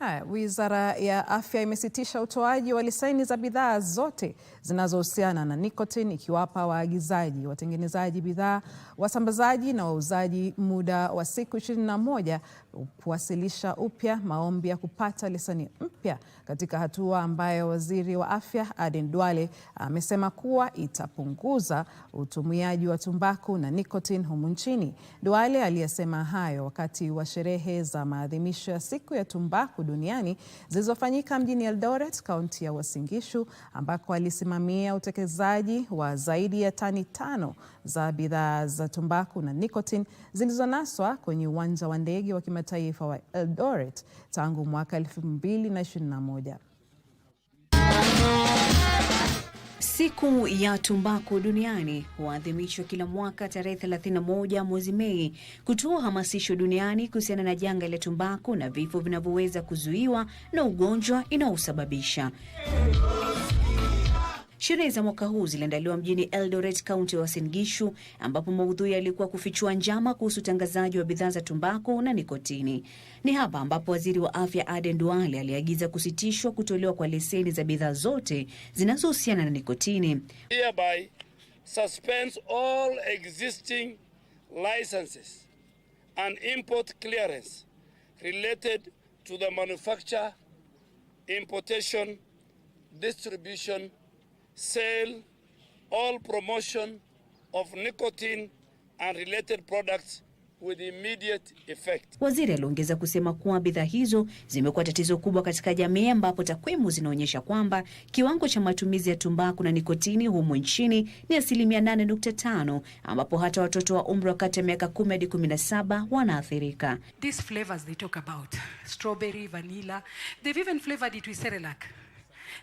Haya, Wizara ya Afya imesitisha utoaji wa leseni za bidhaa zote zinazohusiana na nikotini ikiwapa waagizaji, watengenezaji bidhaa, wasambazaji na wauzaji muda wa siku 21 kuwasilisha upya maombi ya kupata leseni mpya katika hatua ambayo Waziri wa Afya Aden Duale amesema kuwa itapunguza utumiaji wa tumbaku na nikotini humu nchini. Duale aliyesema hayo wakati wa sherehe za maadhimisho ya siku ya tumbaku duniani zilizofanyika mjini Eldoret, kaunti ya Uasin Gishu, ambako alisimamia utekezaji wa zaidi ya tani tano za bidhaa za tumbaku na nikotini zilizonaswa kwenye uwanja wa ndege wa kimataifa wa Eldoret tangu mwaka 2021. Siku ya tumbaku duniani huadhimishwa kila mwaka tarehe 31 mwezi Mei kutoa hamasisho duniani kuhusiana na janga la tumbaku na vifo vinavyoweza kuzuiwa na ugonjwa inaosababisha. Sherehe za mwaka huu ziliandaliwa mjini Eldoret, kaunti ya Uasin Gishu, ambapo maudhui yalikuwa kufichua njama kuhusu utangazaji wa bidhaa za tumbako na nikotini. Ni hapa ambapo waziri wa afya Aden Duale aliagiza kusitishwa kutolewa kwa leseni za bidhaa zote zinazohusiana na nikotini. Hereby suspends all existing licenses and import clearance related to the manufacture, importation, distribution sale, all promotion of nicotine and related products with immediate effect. Waziri aliongeza kusema kuwa bidhaa hizo zimekuwa tatizo kubwa katika jamii ambapo takwimu zinaonyesha kwamba kiwango cha matumizi ya tumbaku na nikotini humo nchini ni asilimia 8.5 ambapo hata watoto wa umri wa kati ya miaka 10 hadi 17 wanaathirika. These flavors they talk about strawberry, vanilla, they've even flavored it with Cerelac.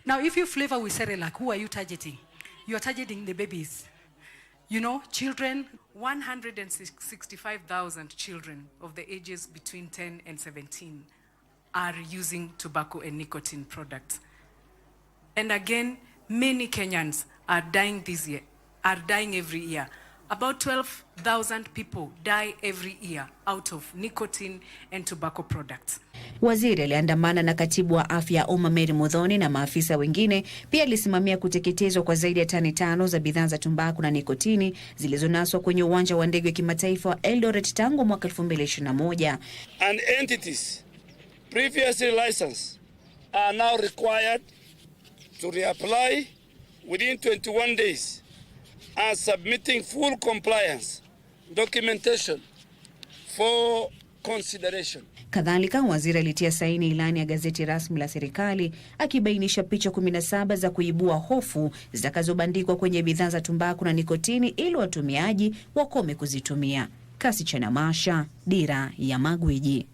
Now, if you flavor with Cerelac, who are you targeting? You're targeting the babies. You know, children. 165,000 children of the ages between 10 and 17 are using tobacco and nicotine products. And again, many Kenyans are dying this year, are dying every year. About 12,000 people die every year out of nicotine and tobacco products. Waziri aliandamana na katibu wa afya ya umma Mary Muthoni na maafisa wengine. Pia alisimamia kuteketezwa kwa zaidi ya tani tano za bidhaa za tumbaku na nikotini zilizonaswa kwenye uwanja wa ndege wa kimataifa wa Eldoret tangu mwaka 2021. And entities previously licensed are now required to reapply within 21 days are submitting full compliance documentation for consideration. Kadhalika, waziri alitia saini ilani ya gazeti rasmi la serikali akibainisha picha 17 za kuibua hofu zitakazobandikwa kwenye bidhaa za tumbaku na nikotini ili watumiaji wakome kuzitumia. Kasi cha Namasha, Dira ya Magwiji.